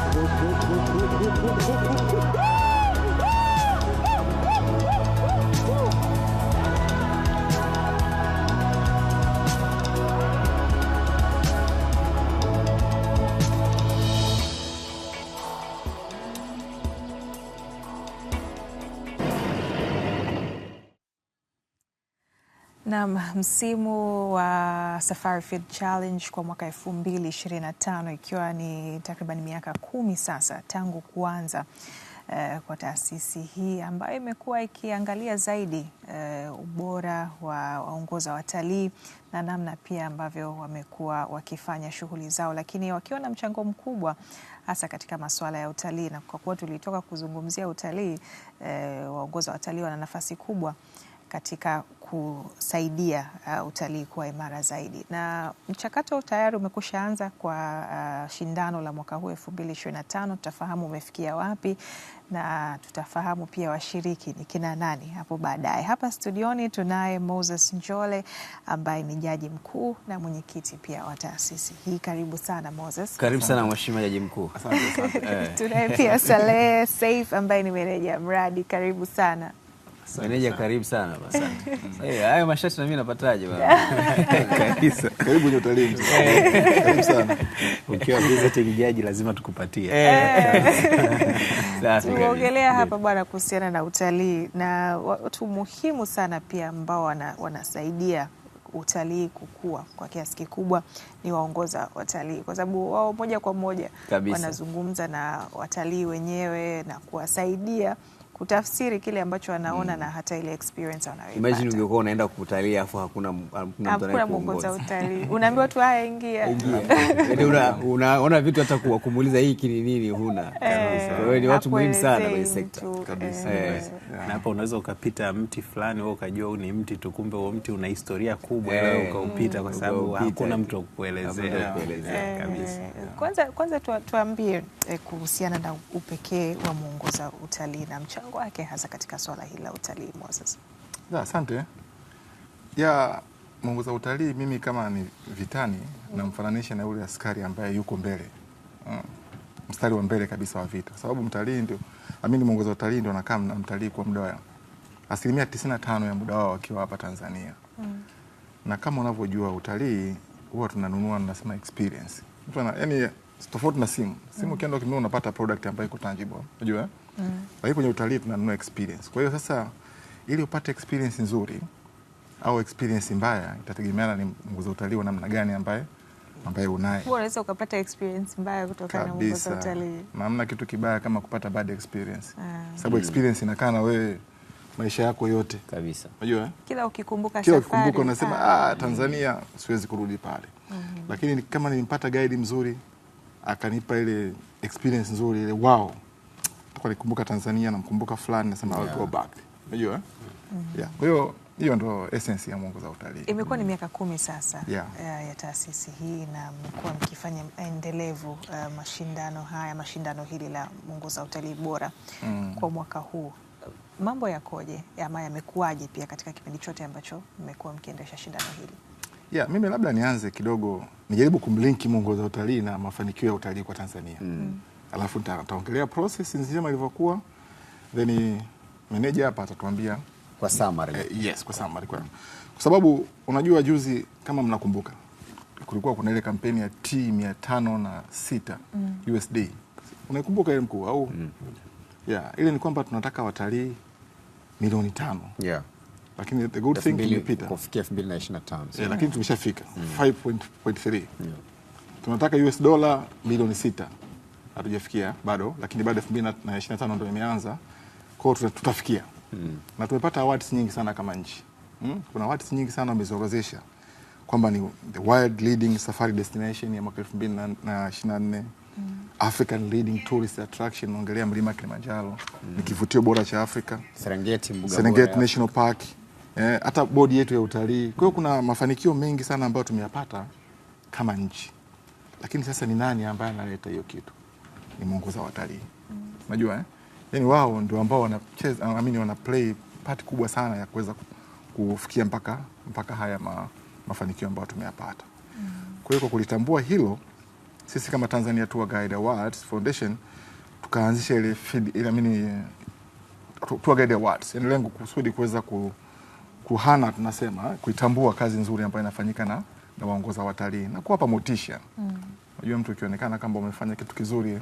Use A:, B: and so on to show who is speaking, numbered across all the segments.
A: Woo!
B: msimu wa Safari Field Challenge kwa mwaka 2025 ikiwa ni takriban miaka kumi sasa tangu kuanza uh, kwa taasisi hii ambayo imekuwa ikiangalia zaidi uh, ubora wa waongoza watalii na namna pia ambavyo wamekuwa wakifanya shughuli zao, lakini wakiwa na mchango mkubwa hasa katika masuala ya utalii, na kwa kuwa tulitoka kuzungumzia utalii uh, waongoza watalii wana nafasi kubwa katika kusaidia uh, utalii kuwa imara zaidi, na mchakato tayari umekusha anza kwa uh, shindano la mwaka huu tano. Tutafahamu umefikia wapi na tutafahamu pia washiriki ni kina nani hapo baadaye. Hapa studioni tunaye Moses Njole ambaye ni jaji mkuu na mwenyekiti pia wa taasisi hii. Karibu sana Moses.
C: Karibu sana mheshimiwa jaji mkuu.
B: Tunaye pia Salehe Saif ambaye ni meneja mradi. Karibu sana.
C: Meneja, karibu sana basi. Hayo mashati na mimi napataje bwana?
D: Kabisa. Karibu ni utalii. Eh.
C: Karibu sana. Ukiwa visiting jaji lazima tukupatie. Eh.
B: Tumeongelea hapa bwana kuhusiana na utalii na watu muhimu sana pia ambao wana, wanasaidia utalii kukua kwa kiasi kikubwa ni waongoza watalii, kwa sababu wao moja kwa moja kabisa, wanazungumza na watalii wenyewe na kuwasaidia kutafsiri kile ambacho anaona mm. na hata ile experience anayoipata. Imagine ungekuwa unaenda kutalii afu hakuna hakuna mtu anayekuongoza utalii. Unaambiwa tu haya, ingia. Ndio una Unaona vitu hata kuwakumuliza kumuuliza hii kini nini huna. Eh, kwa hiyo ni watu muhimu sana kwenye sekta. Eh. Kabisa. Eh. Na hapa unaweza ukapita mti fulani wewe ukajua huu ni mti tu, kumbe huo mti una historia kubwa wewe ukaupita kwa mm. sababu hakuna mtu wa kukuelezea. Kabisa. Kwanza kwanza tuambie kuhusiana na upekee wa mwongozo utalii na mchango mchango wake hasa katika swala hili la utalii Moses? Asante ya mwongoza utalii, mimi kama ni vitani mm. namfananisha na yule askari ambaye yuko mbele mm. mstari wa mbele kabisa wa vita, sababu mtalii ndio amini, mwongoza utalii ndio anakaa na mtalii kwa muda wa asilimia 95 ya muda wao wakiwa hapa Tanzania mm. na kama unavyojua utalii huwa tunanunua, nasema experience, mtu ana yani tofauti na simu simu, mm. mm. kinunua unapata product ambayo iko tangible, unajua mm. Mm. Kwa hiyo kwenye utalii tunanunua experience. Kwa hiyo sasa ili upate experience nzuri au experience mbaya itategemeana ni mguza utalii wa namna gani ambaye ambaye unaye. Kwa unaweza ukapata experience mbaya kutokana na mguza utalii. Hamna kitu kibaya kama kupata bad experience. Ah. Sababu experience inakaa na wewe maisha yako yote. Kabisa. Unajua? Eh? Kila ukikumbuka safari. Kila ukikumbuka unasema ah, ah Tanzania mm. siwezi kurudi pale. Mm. Lakini kama nilimpata guide mzuri akanipa ile experience nzuri ile wow tuko nikumbuka Tanzania, namkumbuka fulani, nasema yeah. go back. Unajua? Eh? Mm-hmm. Yeah. Kwa hiyo hiyo ndo essence ya mwongozo wa Utalii. Imekuwa ni miaka kumi sasa yeah. Eh, ya taasisi hii na mmekuwa mkifanya endelevu uh, mashindano haya mashindano hili la mwongozo wa Utalii Bora mm. kwa mwaka huu mambo yakoje ama yamekuwaje pia katika kipindi chote ambacho mmekuwa mkiendesha shindano hili? Yeah, mimi labda nianze kidogo nijaribu kumlinki mwongozo wa Utalii na mafanikio ya utalii kwa Tanzania mm alafu nitaongelea process nzima ilivyokuwa, then meneja hapa atatuambia kwa summary. Eh, yes, kwa summary kwa. Kwa sababu unajua juzi kama mnakumbuka kulikuwa kuna ile kampeni ya T 506 mm. USD. Unaikumbuka ile mkuu au? Mm. Yeah, ile ni kwamba tunataka watalii milioni tano. Yeah. Lakini the good thing tumepita. Kufikia 2025. Yeah, lakini tumeshafika mm. 5.3. Yeah. Tunataka US dollar milioni sita Mm hatujafikia bado, lakini bado 2025 ndio imeanza, kwa tutafikia mm. na tumepata awards nyingi sana kama nchi mm. kuna awards nyingi sana wamezorozesha kwamba ni the world leading safari destination ya mwaka 2024 Mm. African leading tourist attraction, naongelea mlima Kilimanjaro mm. ni kivutio bora cha Afrika, Serengeti, mbuga Serengeti National Park, eh, hata eh, bodi yetu ya utalii. Kwa hiyo kuna mafanikio mengi sana ambayo tumeyapata kama nchi, lakini sasa ni nani ambaye analeta hiyo kitu? ni mwongoza watalii. Unajua mm. eh? Yani wao ndio ambao wanacheza, I mean wana play part kubwa sana ya kuweza kufikia mpaka mpaka haya ma, mafanikio ambayo tumeyapata. mm. Kwa hiyo kwa kulitambua hilo sisi kama Tanzania Tour Guide Awards Foundation tukaanzisha ile feed, ile I mean, Tour Guide Awards. Yani lengo kusudi kuweza ku, kuhana tunasema kuitambua kazi nzuri ambayo inafanyika na na waongoza watalii na kuwapa motisha. Mm. Unajua mm. mtu ukionekana kama umefanya kitu kizuri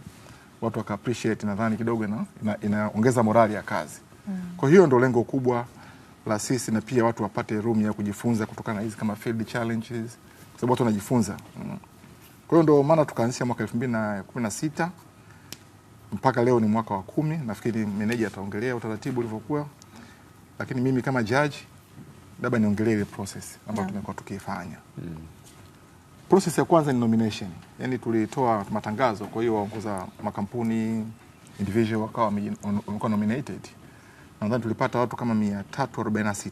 B: watu waka appreciate, nadhani kidogo inaongeza ina morali ya kazi mm. Kwa hiyo ndo lengo kubwa la sisi, na pia watu wapate room ya kujifunza kutokana na hizi kama field challenges, kwa sababu watu wanajifunza mm. Kwa hiyo ndo maana tukaanzisha mwaka 2016 mpaka leo ni mwaka wa kumi. Nafikiri meneja ataongelea utaratibu ulivyokuwa, lakini mimi kama judge labda niongelee ile process ambayo tumekuwa tukifanya mm. Process ya kwanza ni nomination, yani tulitoa matangazo, kwa hiyo waongoza makampuni individual wakawa wamekuwa nominated. Nadhani tulipata watu kama 346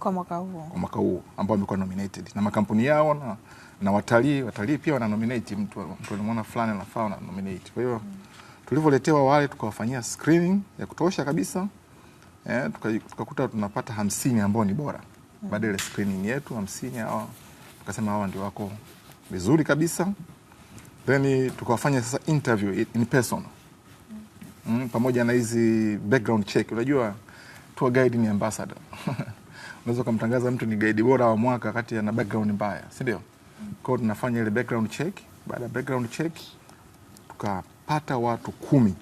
B: kwa mwaka huo, kwa mwaka huo ambao wamekuwa nominated na makampuni yao na, na watalii watalii pia wana nominate mtu mtu anamwona fulani anafaa na nominate. Kwa hiyo tulivyoletewa wale tukawafanyia screening ya kutosha kabisa eh, tukakuta tunapata hamsini ambao ni bora baada ya screening yetu hamsini hao tukasema hawa ndio wako vizuri kabisa, then tukawafanya sasa interview in person mm, pamoja na hizi background check. Unajua tour guide ni ambassador unaweza kumtangaza mtu ni guide bora wa mwaka kati ana background mbaya, si ndio? Kwa hiyo tunafanya ile background check. Baada ya background check, tukapata watu kumi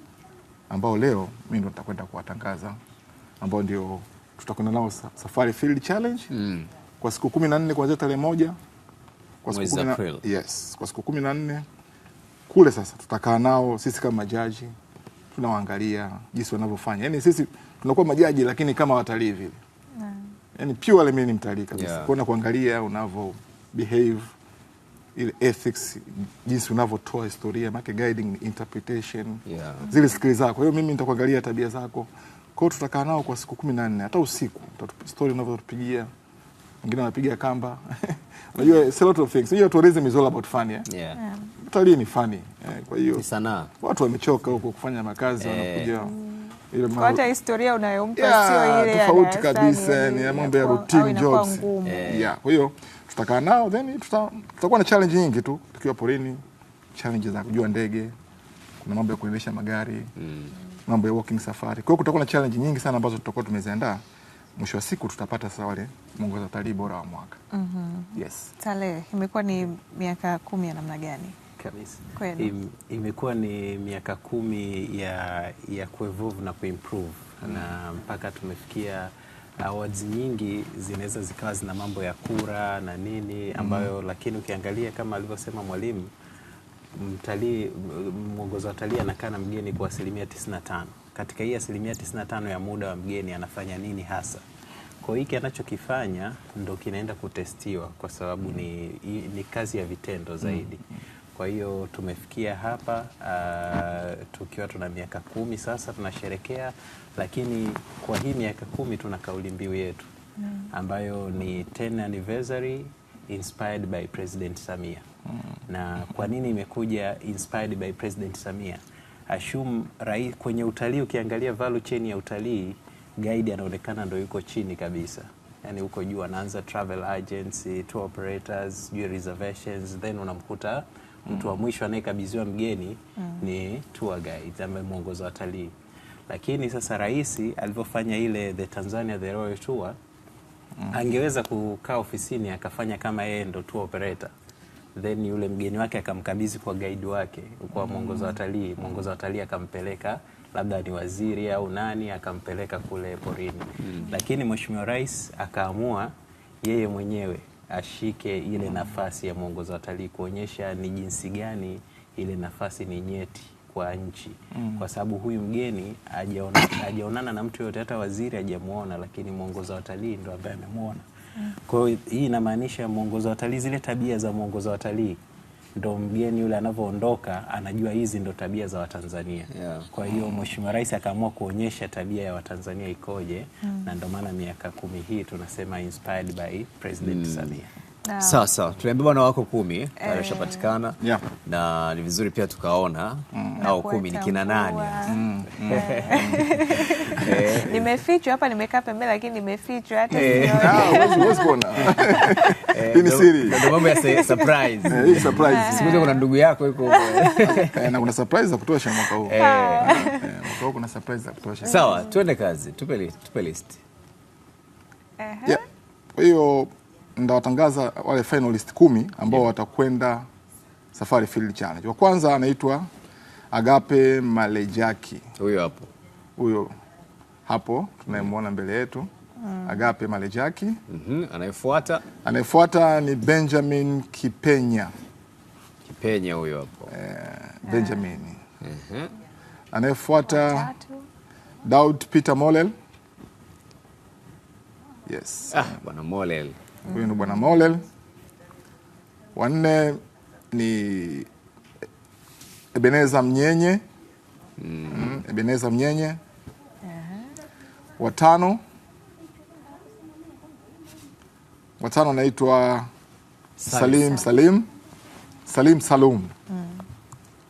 B: ambao leo mimi ndo nitakwenda kuwatangaza, ambao ndio tutakwenda nao Safari Field Challenge mm. kwa siku kumi na nne kuanzia tarehe moja kwa siku kumi na, yes, kwa siku kumi na nne kule sasa tutakaa nao sisi kama majaji tunawaangalia jinsi wanavyofanya, Yani sisi tunakuwa majaji lakini kama watalii vile mm. Yaani purely mimi ni mtalii kabisa yeah. Kuona kuangalia unavyo behave ile ethics, jinsi unavyotoa historia make guiding interpretation yeah. Zile skills zako, kwa hiyo mimi nitakuangalia tabia zako, kwa tutakaa nao kwa siku kumi na nne hata usiku story unavyotupigia, wengine wanapiga kamba Unajua it's a lot of things. Unajua tourism is all about fun, yeah. Yeah. Utalii ni fani. Eh, kwa hiyo ni sanaa. Watu wamechoka huko kufanya makazi eh. wanakuja mm. hata historia unayompa sio ile ya tofauti kabisa, ni mambo ya routine jobs. Eh. Kwa hiyo tutakaa nao then tutakuwa na challenge nyingi tu tukiwa porini, challenge za kujua ndege, kuna mambo ya kuendesha magari, mm. mambo ya walking safari. Kwa hiyo kutakuwa na challenge nyingi sana ambazo tutakuwa tumeziandaa mwisho wa siku tutapata sasa wale mwongoza utalii bora wa mwaka. mm -hmm. Yes. Tale, imekuwa ni miaka kumi ya namna gani? Im, imekuwa ni miaka kumi ya, ya kuevolve na kuimprove mm -hmm. na mpaka tumefikia awards nyingi zinaweza zikawa zina mambo ya kura na nini ambayo mm -hmm. lakini ukiangalia kama alivyosema mwalimu mtalii mwongozo wa utalii anakaa na mgeni kwa asilimia 95 katika hii asilimia 95 ya muda wa mgeni anafanya nini hasa. Kwa hiki anachokifanya ndo kinaenda kutestiwa kwa sababu ni, ni kazi ya vitendo zaidi. Mm, mm. Kwa hiyo tumefikia hapa uh, tukiwa tuna miaka kumi sasa tunasherekea, lakini kwa hii miaka kumi tuna kauli mbiu yetu mm. ambayo ni 10 anniversary inspired by President Samia. Na kwa nini imekuja inspired by President Samia? ashum rai, kwenye utalii, ukiangalia value chain ya utalii, guide anaonekana ndo yuko chini kabisa, yani huko juu anaanza travel agency, tour operators, reservations, then unamkuta mtu wa mm. mwisho anayekabidhiwa mgeni mm. ni tour guide ambaye wa watalii. Lakini sasa rais alivyofanya ile the Tanzania the Royal Tour mm. angeweza kukaa ofisini akafanya kama yeye ndo tour operator then yule mgeni wake akamkabidhi kwa guide wake kwa mm. mwongozo wa watalii. Mwongozo wa watalii akampeleka labda ni waziri au nani, akampeleka kule porini mm. Lakini mheshimiwa rais akaamua yeye mwenyewe ashike ile mm. nafasi ya mwongozo wa watalii kuonyesha ni jinsi gani ile nafasi ni nyeti kwa nchi mm. Kwa sababu huyu mgeni hajaonana na mtu yoyote, hata waziri hajamuona, lakini mwongozo wa watalii ndo ambaye amemwona. Kwa hiyo hii inamaanisha mwongozo wa watalii, zile tabia za mwongozo wa watalii ndo mgeni yule anavyoondoka anajua hizi ndo tabia za Watanzania yeah. Kwa hiyo Mheshimiwa Rais akaamua kuonyesha tabia ya Watanzania ikoje mm. Na ndo maana miaka kumi hii tunasema inspired by President mm. Samia. Ah. Sasa tuliambia bwana wako kumi eh. alishapatikana yeah. Na ni vizuri pia tukaona mm. au kumi ni kina nani? Mm. Mm. Mm. Eh. Eh. Nimefichwa hapa, nimekaa pembeni, lakini nimefichwa hata ah, ni siri. Ndio mambo ya surprise. Siku hizi kuna ndugu yako yuko na kuna surprise za kutosha mwaka huu. Ah. Eh. Mwaka huu kuna surprise za kutosha. Sawa, tuende kazi, tupe list. tupe list. Kwa hiyo ndawatangaza wale finalist kumi ambao yeah. watakwenda Safari Field Challenge. Wa kwanza anaitwa Agape Malejaki, huyo hapo, huyo hapo tunayemwona mbele yetu mm. Agape Malejaki. mm Anayefuata anayefuata ni Benjamin Kipenya, Kipenya huyo hapo eh, Benjamin Mhm. -huh. Eh. Anayefuata Daud Peter Molel. Yes. Ah, bwana Molel Huyu ni bwana Molel. Wanne ni Ebeneza Mnyenye mm. Mm, Ebeneza Mnyenye uh -huh. Watano watano anaitwa Salim Salim Salim Salum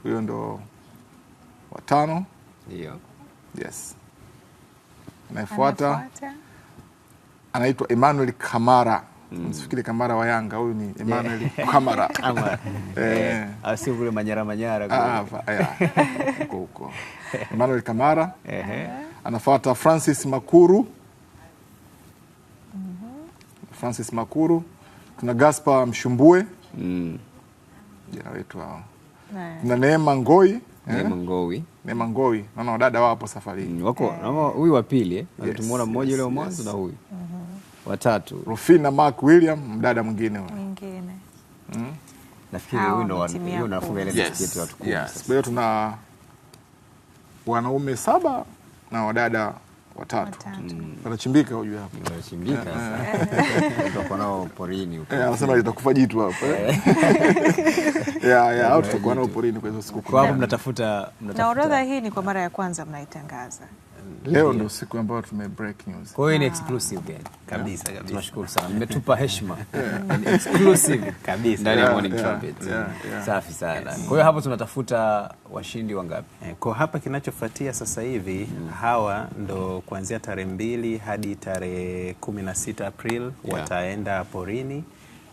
B: huyo mm. ndo watano yeah. Yes, anayefuata anaitwa Emmanuel Kamara Msifikiri mm. Kamara wa Yanga, huyu ni Emmanuel yeah. Kamara eh, ah, si vule Manyara Manyara ah, huko huko Emmanuel Kamara anafuata Francis Makuru mhm. Francis Makuru, tuna Gaspar Mshumbue mm. jana wetu hao, tuna Neema Ngoi eh? Neema Ngoi Neema Ngoi, naona wadada wapo safari, mm, wako eh. huyu wa pili eh, tumeona mmoja yule wa mwanzo na huyu mm watatu, Rufina Mark William, mdada mwingine mwingine hmm? Yes. Kwa hiyo tuna wanaume saba na wadada watatu hmm. wanachimbika, hujui hapo, eh, eh. eh, anasema itakufa jitu hapo au tutakuwa nao porini kwa hizo siku. Kwa mnatafuta, Na orodha hii ni kwa mara ya kwanza mnaitangaza? Leo ndio siku ambayo tume break news. Kwa hiyo ni ah. exclusive gani? Kabisa kabisa. Tunashukuru sana. Mmetupa heshima. Exclusive kabisa. Ndani ya Morning Trumpet. Safi sana. Kwa hiyo hapo tunatafuta washindi wangapi? Eh, kwa hapa kinachofuatia sasa hivi mm. hawa ndo kuanzia tarehe mbili hadi tarehe 16 April wataenda porini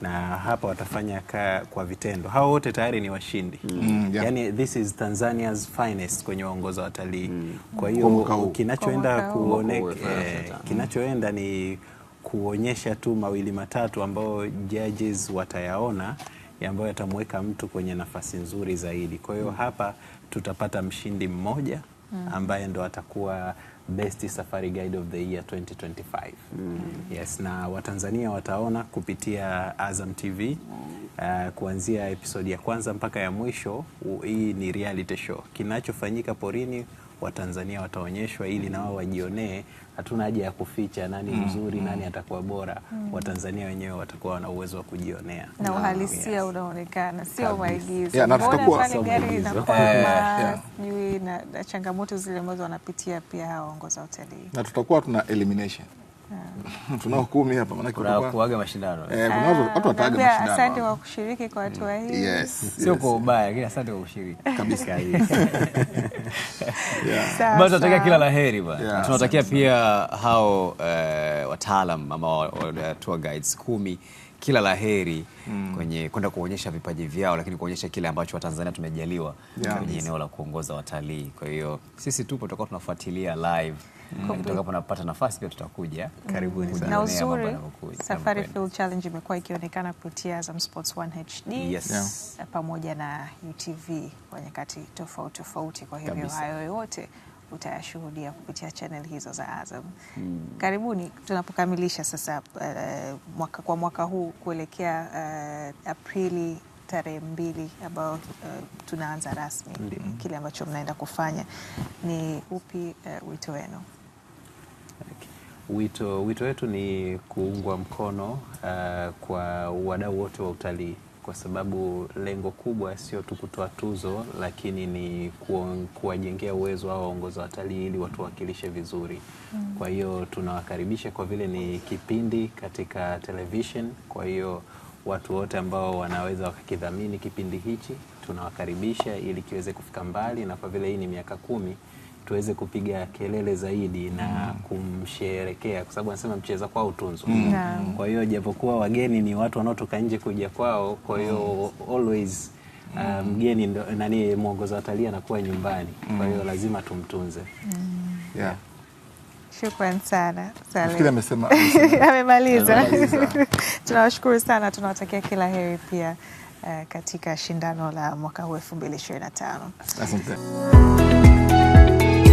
B: na hapa watafanya kwa vitendo. Hao wote tayari ni washindi mm, yeah. Mm, yani, this is Tanzania's finest kwenye waongoza watalii mm. Kwa hiyo kinachoenda kuoneka eh, kinachoenda ni kuonyesha tu mawili matatu ambayo judges watayaona ambayo yatamweka mtu kwenye nafasi nzuri zaidi. Kwa hiyo mm. hapa tutapata mshindi mmoja mm. ambaye ndo atakuwa Best Safari Guide of the Year 2025. Mm. Yes, na Watanzania wataona kupitia Azam TV uh, kuanzia episodi ya kwanza mpaka ya mwisho. Hii ni reality show kinachofanyika porini Watanzania wataonyeshwa ili na wao wajionee. Hatuna haja ya kuficha nani mm. mzuri mm -hmm. nani atakuwa bora mm -hmm. Watanzania wenyewe watakuwa wana uwezo wa kujionea na uhalisia yes. unaonekana sio maigizo yeah, eh, na changamoto zile ambazo wanapitia pia hao waongoza utalii na tutakuwa tuna elimination Hmm. tunao kumi hapa maana kuna kuaga mashindano. Eh, kuna watu ah, wataaga mashindano. Asante kwa kushiriki kwa watu wa hmm. hii. Yes. Sio kwa ubaya, lakini asante kwa kushiriki. Kabisa. Yeah. Basi tunatakia kila laheri bwana. Tunatakia pia hao eh, wataalam ama tour guides kumi kila laheri mm. kwenye kwenda kuonyesha vipaji vyao, lakini kuonyesha kile ambacho Watanzania tumejaliwa yeah. kwenye eneo la kuongoza watalii. Kwa hiyo sisi tupo, tutakuwa tunafuatilia live mm. napata nafasi pia tutakuja. Mm. Karibuni sana. Na uzuri Safari Field Challenge imekuwa ikionekana kupitia Azam Sports 1 HD yes. yeah. pamoja na UTV kwa nyakati tofauti tofauti, kwa hivyo hayo yote utayashuhudia kupitia channel hizo za Azam. Mm. Karibuni tunapokamilisha sasa uh, mwaka, kwa mwaka huu kuelekea uh, Aprili tarehe mbili ambayo uh, tunaanza rasmi mm. Kile ambacho mnaenda kufanya ni upi uh, wito wenu? Wito, wito wetu ni kuungwa mkono uh, kwa wadau wote wa utalii kwa sababu lengo kubwa sio tu kutoa tuzo, lakini ni kuwajengea uwezo au waongoza watalii ili watuwakilishe vizuri. Mm. Kwa hiyo tunawakaribisha kwa vile ni kipindi katika television, kwa hiyo watu wote ambao wanaweza wakakidhamini kipindi hichi tunawakaribisha ili kiweze kufika mbali, na kwa vile hii ni miaka kumi tuweze kupiga kelele zaidi na mm. kumsherekea kwa sababu anasema mcheza kwao utunzwa. mm. mm. Kwa hiyo japokuwa wageni ni watu wanaotoka nje kuja kwao, kwa hiyo always uh, mm. mgeni um, mm. nani mwongoza watalii anakuwa nyumbani. mm. Kwa hiyo lazima tumtunze. mm. yeah. Shukran sana amemaliza. Tunawashukuru sana, tunawatakia kila heri pia. Eh, katika shindano la mwaka huu 2025. Asante.